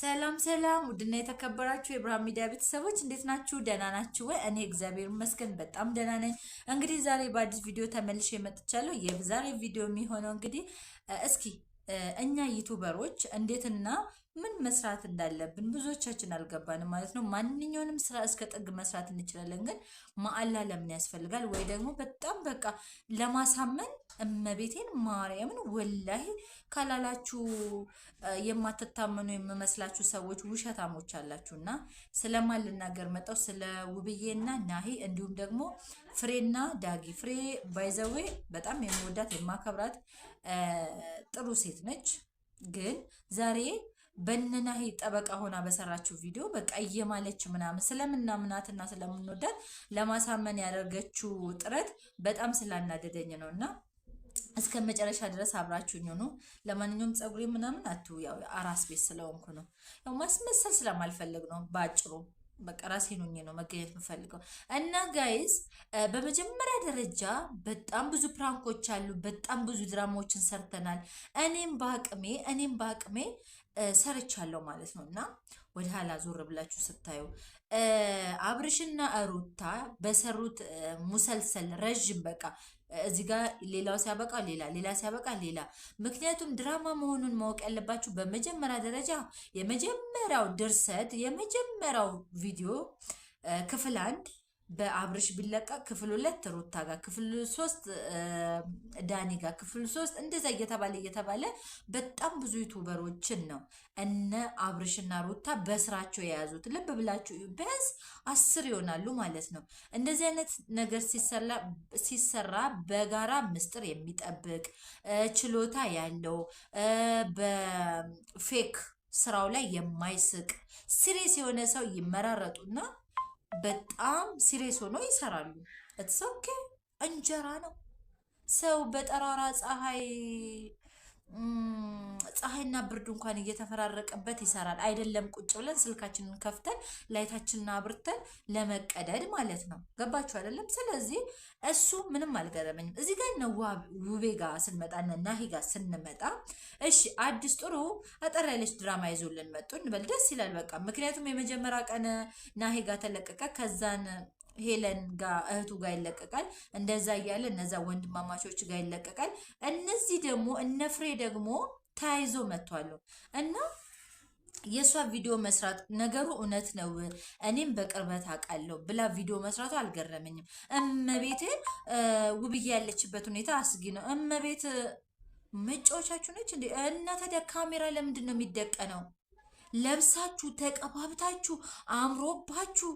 ሰላም ሰላም፣ ውድና የተከበራችሁ የብርሃን ሚዲያ ቤተሰቦች እንዴት ናችሁ? ደህና ናችሁ ወይ? እኔ እግዚአብሔር ይመስገን በጣም ደህና ነኝ። እንግዲህ ዛሬ በአዲስ ቪዲዮ ተመልሼ መጥቻለሁ። የዛሬ ቪዲዮ የሚሆነው እንግዲህ እስኪ እኛ ዩቱበሮች እንዴትና ምን መስራት እንዳለብን ብዙዎቻችን አልገባንም ማለት ነው። ማንኛውንም ስራ እስከ ጥግ መስራት እንችላለን፣ ግን ማአላ ለምን ያስፈልጋል? ወይ ደግሞ በጣም በቃ ለማሳመን እመቤቴን ማርያምን ወላሂ ካላላችሁ የማትታመኑ የምመስላችሁ ሰዎች ውሸታሞች አላችሁ። እና ስለማን ልናገር መጣው? ስለ ውብዬና ናሂ እንዲሁም ደግሞ ፍሬና ዳጊ። ፍሬ ባይዘዌ በጣም የምወዳት የማከብራት ጥሩ ሴት ነች። ግን ዛሬ በነናሂ ጠበቃ ሆና በሰራችው ቪዲዮ በቃ እየማለች ምናምን ስለምናምናትና ስለምንወዳት ለማሳመን ያደርገችው ጥረት በጣም ስላናደደኝ ነው እና እስከ መጨረሻ ድረስ አብራችሁኝ ሆኖ ለማንኛውም ፀጉሬ ምናምን አትዩ። ያው አራስ ቤት ስለሆንኩ ነው፣ ያው ማስመሰል ስለማልፈልግ ነው። በአጭሩ በቃ ራሴን ሆኜ ነው መገኘት የምፈልገው እና ጋይዝ፣ በመጀመሪያ ደረጃ በጣም ብዙ ፕራንኮች አሉ፣ በጣም ብዙ ድራማዎችን ሰርተናል። እኔም በአቅሜ እኔም በአቅሜ ሰርቻለሁ ማለት ነው። እና ወደ ኋላ ዞር ብላችሁ ስታዩ አብርሽና ሩታ በሰሩት ሙሰልሰል ረዥም በቃ እዚህ ጋር ሌላው ሲያበቃ ሌላ ሌላ ሲያበቃ ሌላ። ምክንያቱም ድራማ መሆኑን ማወቅ ያለባችሁ በመጀመሪያ ደረጃ የመጀመሪያው ድርሰት የመጀመሪያው ቪዲዮ ክፍል አንድ በአብርሽ ቢለቀቅ ክፍል ሁለት ሩታ ጋር፣ ክፍል ሶስት ዳኒ ጋር፣ ክፍል ሶስት እንደዛ እየተባለ እየተባለ በጣም ብዙ ዩቱበሮችን ነው እነ አብርሽና ሩታ በስራቸው የያዙት። ልብ ብላችሁ ቢያንስ አስር ይሆናሉ ማለት ነው። እንደዚህ አይነት ነገር ሲሰራ በጋራ ምስጢር የሚጠብቅ ችሎታ ያለው በፌክ ስራው ላይ የማይስቅ ሲሪየስ የሆነ ሰው ይመራረጡና በጣም ሲሬስ ሆኖ ይሰራሉ። እትስ ኦኬ እንጀራ ነው። ሰው በጠራራ ፀሐይ ፀሐይና ብርድ እንኳን እየተፈራረቀበት ይሰራል። አይደለም ቁጭ ብለን ስልካችንን ከፍተን ላይታችንን አብርተን ለመቀደድ ማለት ነው። ገባችሁ አይደለም? ስለዚህ እሱ ምንም አልገረመኝም። እዚህ ጋር ነው ውቤ ስንመጣ እና ናሂ ጋ ስንመጣ፣ እሺ አዲስ ጥሩ አጠር ያለች ድራማ ይዞልን መጡ እንበል። ደስ ይላል በቃ ምክንያቱም የመጀመሪያ ቀን ናሂ ጋ ተለቀቀ ከዛን ሄለን ጋር እህቱ ጋር ይለቀቃል። እንደዛ እያለ እነዛ ወንድማማቾች ጋር ይለቀቃል። እነዚህ ደግሞ እነ ፍሬ ደግሞ ተያይዞ መጥቷሉ እና የእሷ ቪዲዮ መስራት ነገሩ እውነት ነው፣ እኔም በቅርበት አውቃለሁ ብላ ቪዲዮ መስራቱ አልገረመኝም። እመቤት ውብዬ ያለችበት ሁኔታ አስጊ ነው። እመቤት መጫወቻችሁ ነች እንዴ? እና ታዲያ ካሜራ ለምንድን ነው የሚደቀነው? ለብሳችሁ ተቀባብታችሁ አምሮባችሁ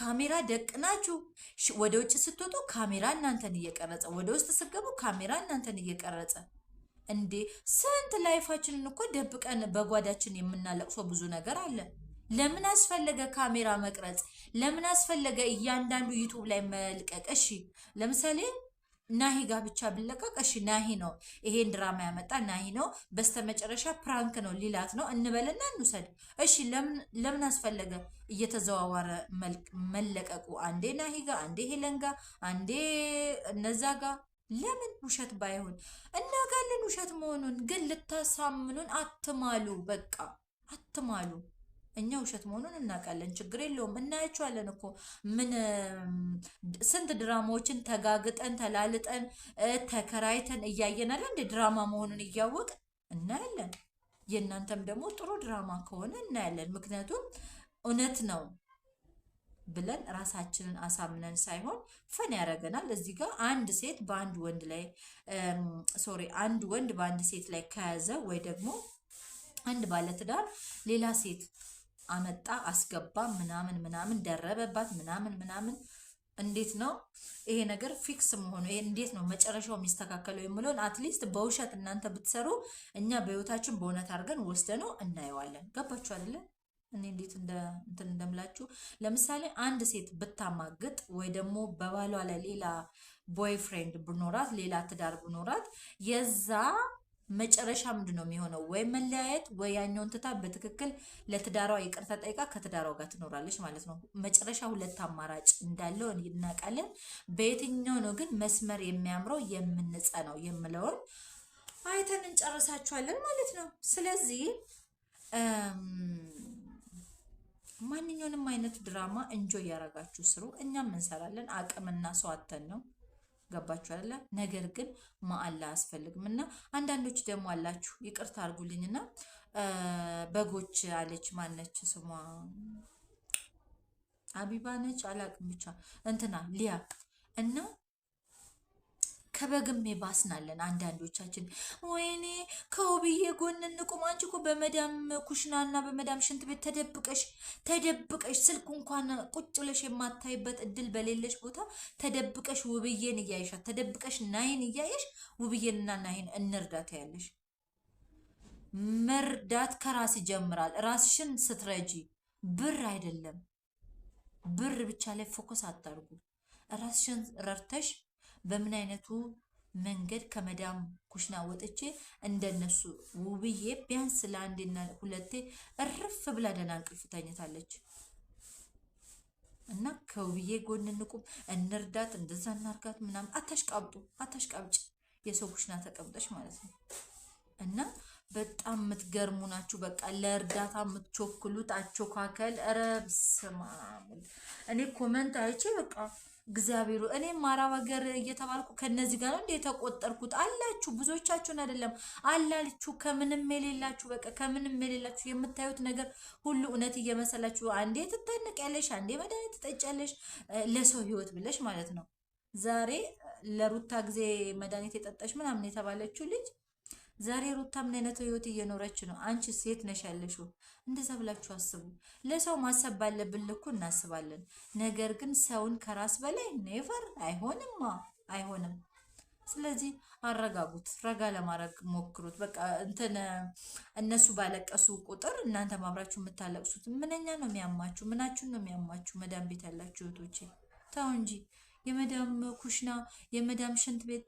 ካሜራ ደቅናችሁ ወደ ውጭ ስትወጡ ካሜራ እናንተን እየቀረጸ፣ ወደ ውስጥ ስገቡ ካሜራ እናንተን እየቀረጸ እንዴ! ስንት ላይፋችንን እኮ ደብቀን በጓዳችን የምናለቅሶ ብዙ ነገር አለ። ለምን አስፈለገ ካሜራ መቅረጽ? ለምን አስፈለገ እያንዳንዱ ዩቱብ ላይ መልቀቅ? እሺ ለምሳሌ ናሂ ጋር ብቻ ብለቀቅ እሺ፣ ናሂ ነው ይሄን ድራማ ያመጣ ናሂ ነው። በስተመጨረሻ ፕራንክ ነው ሊላት ነው እንበልና እንውሰድ። እሺ፣ ለምን አስፈለገ እየተዘዋወረ መለቀቁ? አንዴ ናሂ ጋር፣ አንዴ ሄለን ጋር፣ አንዴ እነዛ ጋር ለምን ውሸት ባይሆን እናጋለን። ውሸት መሆኑን ግን ልታሳምኑን አትማሉ። በቃ አትማሉ። እኛ ውሸት መሆኑን እናውቃለን። ችግር የለውም፣ እናያቸዋለን እኮ ምን ስንት ድራማዎችን ተጋግጠን ተላልጠን ተከራይተን እያየናለ እንደ ድራማ መሆኑን እያወቅ እናያለን። የእናንተም ደግሞ ጥሩ ድራማ ከሆነ እናያለን። ምክንያቱም እውነት ነው ብለን ራሳችንን አሳምነን ሳይሆን ፈን ያደርገናል። እዚህ ጋር አንድ ሴት በአንድ ወንድ ላይ ሶሪ፣ አንድ ወንድ በአንድ ሴት ላይ ከያዘ ወይ ደግሞ አንድ ባለትዳር ሌላ ሴት አመጣ፣ አስገባ፣ ምናምን ምናምን ደረበባት፣ ምናምን ምናምን። እንዴት ነው ይሄ ነገር ፊክስ መሆኑ? ይሄ እንዴት ነው መጨረሻው የሚስተካከለው የምለውን አትሊስት በውሸት እናንተ ብትሰሩ እኛ በህይወታችን በእውነት አድርገን ወስደነው እናየዋለን። ገባችሁ አይደለ? እኔ እንዴት እንትን እንደምላችሁ ለምሳሌ አንድ ሴት ብታማግጥ ወይ ደግሞ በባሏ ላይ ሌላ ቦይፍሬንድ ብኖራት ሌላ ትዳር ብኖራት የዛ መጨረሻ ምንድን ነው የሚሆነው? ወይ መለያየት ወይ ያኛውን ትታ በትክክል ለትዳሯ ይቅርታ ጠይቃ ከትዳሯ ጋር ትኖራለች ማለት ነው። መጨረሻ ሁለት አማራጭ እንዳለው እናውቃለን። በየትኛው ነው ግን መስመር የሚያምረው የምንጸ ነው የምለውን አይተን እንጨርሳችኋለን ማለት ነው። ስለዚህ ማንኛውንም አይነት ድራማ እንጆ እያረጋችሁ ስሩ። እኛም እንሰራለን። አቅምና ሰዋተን ነው ገባችሁ አለ። ነገር ግን ማአላ አስፈልግም። እና አንዳንዶች ደግሞ አላችሁ ይቅርታ አድርጉልኝና በጎች አለች ማነች ስሟ አቢባ ነች አላቅም ብቻ እንትና ሊያ እና ከበግም የባስናለን አንዳንዶቻችን። ወይኔ ከውብዬ ጎን እንቁም። አንቺ እኮ በመዳም ኩሽናና በመዳም ሽንት ቤት ተደብቀሽ ተደብቀሽ ስልክ እንኳን ቁጭ ብለሽ የማታይበት እድል በሌለሽ ቦታ ተደብቀሽ ውብዬን እያየሻት ተደብቀሽ ናይን እያየሽ ውብዬንና ናይን እንርዳት ያለሽ። መርዳት ከራስ ይጀምራል። ራስሽን ስትረጂ ብር አይደለም ብር ብቻ ላይ ፎከስ አታርጉ። ራስሽን ረርተሽ በምን አይነቱ መንገድ ከመዳም ኩሽና ወጥቼ እንደነሱ ውብዬ ቢያንስ ለአንዴና ሁለቴ እርፍ ብላ ደህና እንቅልፍ ተኝታለች። እና ከውብዬ ጎን እንቁም፣ እንርዳት፣ እንደዛ እናርጋት ምናምን። አታሽቃብጡ፣ አታሽቃብጭ የሰው ኩሽና ተቀምጠች ማለት ነው። እና በጣም የምትገርሙ ናችሁ። በቃ ለእርዳታ የምትቾክሉት አቾካከል ረብስማ እኔ ኮመንት አይቼ በቃ እግዚአብሔሩ እኔም አረብ ሀገር እየተባልኩ ከነዚህ ጋር ነው እንደ የተቆጠርኩት አላችሁ። ብዙዎቻችሁን አይደለም አላችሁ፣ ከምንም የሌላችሁ በቃ ከምንም የሌላችሁ የምታዩት ነገር ሁሉ እውነት እየመሰላችሁ አንዴ ትታነቂያለሽ፣ አንዴ መድኃኒት ትጠጫለሽ፣ ለሰው ህይወት ብለሽ ማለት ነው። ዛሬ ለሩታ ጊዜ መድኃኒት የጠጣሽ ምናምን የተባለችው ልጅ ዛሬ ሩታ ምን አይነት ህይወት እየኖረች ነው? አንቺ ሴት ነሽ ያለሽ፣ እንደዛ ብላችሁ አስቡ። ለሰው ማሰብ ባለብን ልኩ እናስባለን። ነገር ግን ሰውን ከራስ በላይ ኔቨር። አይሆንማ፣ አይሆንም። ስለዚህ አረጋጉት። ረጋ ለማድረግ ሞክሩት። በቃ እንትን እነሱ ባለቀሱ ቁጥር እናንተ ማብራችሁ የምታለቅሱት ምንኛ ነው የሚያማችሁ? ምናችሁን ነው የሚያማችሁ? መዳን ቤት ያላችሁ እህቶቼ ተው እንጂ። የመዳም ኩሽና የመዳም ሽንት ቤት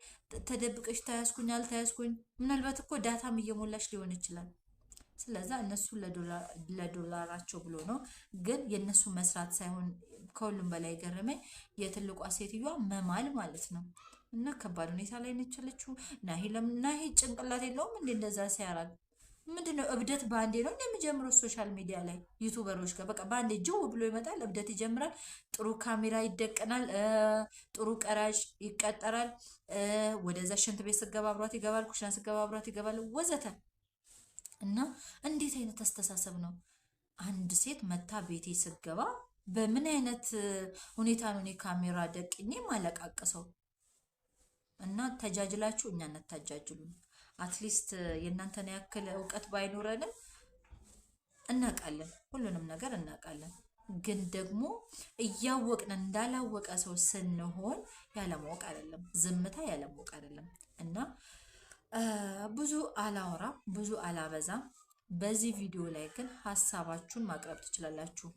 ተደብቀሽ ታያስኩኝ አልታያስኩኝ ምናልባት እኮ ዳታም እየሞላሽ ሊሆን ይችላል። ስለዛ እነሱ ለዶላራቸው ብሎ ነው። ግን የእነሱ መስራት ሳይሆን ከሁሉም በላይ ገረመኝ የትልቋ ሴትዮዋ መማል ማለት ነው። እና ከባድ ሁኔታ ላይ ነች ያለችው ናሂ። ጭንቅላት የለውም እንዴ እንደዛ ሲያራል ምንድን ነው እብደት በአንዴ ነው እንደሚጀምረው ሶሻል ሚዲያ ላይ ዩቱበሮች ጋር በቃ በአንዴ ጅው ብሎ ይመጣል፣ እብደት ይጀምራል። ጥሩ ካሜራ ይደቀናል፣ ጥሩ ቀራጭ ይቀጠራል። ወደዛ ሽንት ቤት ስገባ አብሯት ይገባል፣ ኩሽና ስገባ አብሯት ይገባል፣ ወዘተ እና እንዴት አይነት አስተሳሰብ ነው? አንድ ሴት መታ ቤቴ ስገባ በምን አይነት ሁኔታ ነው እኔ ካሜራ ደቅኜ ማለቃቅሰው? እና ተጃጅላችሁ እኛን ታጃጅሉን። አትሊስት uh, የእናንተን ያክል እውቀት ባይኖረንም እናውቃለን፣ ሁሉንም ነገር እናውቃለን። ግን ደግሞ እያወቅን እንዳላወቀ ሰው ስንሆን ያለማወቅ አይደለም፣ ዝምታ ያለማወቅ አይደለም። እና ብዙ አላወራም፣ ብዙ አላበዛም። በዚህ ቪዲዮ ላይ ግን ሀሳባችሁን ማቅረብ ትችላላችሁ።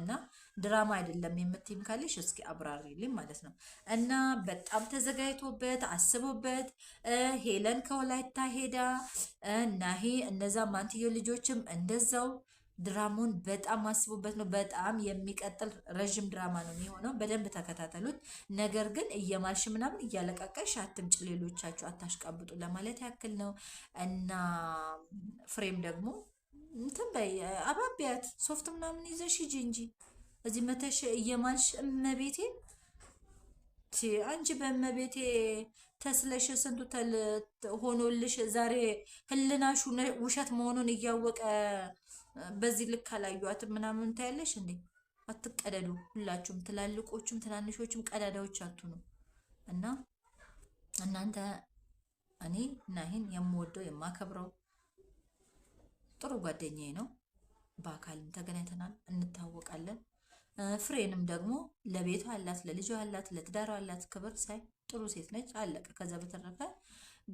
እና ድራማ አይደለም የምትይም ካለሽ እስኪ አብራሪልኝ ማለት ነው። እና በጣም ተዘጋጅቶበት አስቦበት ሄለን ከወላይታ ሄዳ ናሂ እነዛ ማንትዮ ልጆችም እንደዛው ድራማውን በጣም አስቦበት ነው። በጣም የሚቀጥል ረዥም ድራማ ነው የሚሆነው። በደንብ ተከታተሉት። ነገር ግን እየማልሽ ምናምን እያለቃቀሽ አትምጭ፣ ሌሎቻችሁ አታሽቃብጡ ለማለት ያክል ነው እና ፍሬም ደግሞ እንትን በይ አባቢያት ሶፍት ምናምን ይዘሽ ሂጂ እንጂ እዚህ መተሽ እየማልሽ እመቤቴ አንቺ በእመቤቴ ተስለሽ ስንቱ ተል ሆኖልሽ ዛሬ ህልናሽ ውሸት መሆኑን እያወቀ በዚህ ልክ አላዩዋት ምናምን ታያለሽ እንዴ አትቀደዱ ሁላችሁም ትላልቆቹም ትናንሾቹም ቀዳዳዎች አትሁኑ እና እናንተ እኔ ናሂን የምወደው የማከብረው ጥሩ ጓደኛዬ ነው። በአካልም ተገናኝተናል፣ እንታወቃለን። ፍሬንም ደግሞ ለቤቷ አላት፣ ለልጇ አላት፣ ለትዳሯ አላት ክብር ሳይ ጥሩ ሴት ነች። አለቀ። ከዛ በተረፈ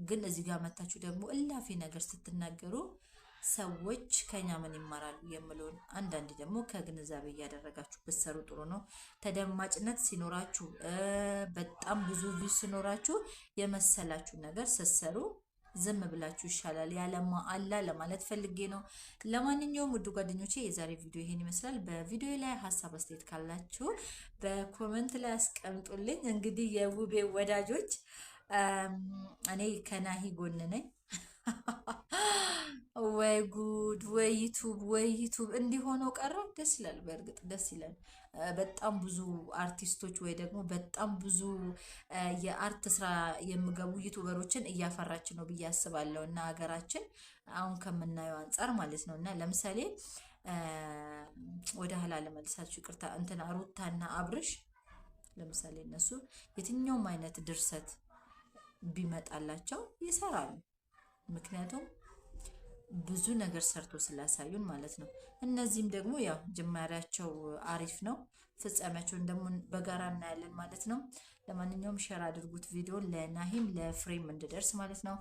ግን እዚህ ጋር መታችሁ ደግሞ እላፊ ነገር ስትናገሩ ሰዎች ከኛ ምን ይማራሉ የምለውን አንዳንድ ደግሞ ከግንዛቤ እያደረጋችሁ ብትሰሩ ጥሩ ነው። ተደማጭነት ሲኖራችሁ፣ በጣም ብዙ ቪው ሲኖራችሁ የመሰላችሁ ነገር ስትሰሩ ዝም ብላችሁ ይሻላል ያለማ አላ ለማለት ፈልጌ ነው። ለማንኛውም ውድ ጓደኞቼ የዛሬ ቪዲዮ ይሄን ይመስላል። በቪዲዮ ላይ ሀሳብ አስተያየት ካላችሁ በኮመንት ላይ አስቀምጡልኝ። እንግዲህ የውቤ ወዳጆች እኔ ከናሂ ጎን ነኝ። ወይ ጉድ ወይ ዩቱብ ወይ ዩቱብ እንዲሆነው ቀረ። ደስ ይላል፣ በእርግጥ ደስ ይላል። በጣም ብዙ አርቲስቶች ወይ ደግሞ በጣም ብዙ የአርት ስራ የሚገቡ ዩቱበሮችን እያፈራች ነው ብዬ አስባለሁ። እና ሀገራችን አሁን ከምናየው አንጻር ማለት ነው እና ለምሳሌ ወደ ኋላ ለመልሳችሁ ይቅርታ እንትን ሩታና አብርሽ ለምሳሌ እነሱ የትኛውም አይነት ድርሰት ቢመጣላቸው ይሰራሉ። ምክንያቱም ብዙ ነገር ሰርቶ ስላሳዩን ማለት ነው። እነዚህም ደግሞ ያው ጅማሪያቸው አሪፍ ነው፣ ፍጻሜያቸውን ደግሞ በጋራ እናያለን ማለት ነው። ለማንኛውም ሸር አድርጉት ቪዲዮ ለናሂም ለፍሬም እንድደርስ ማለት ነው።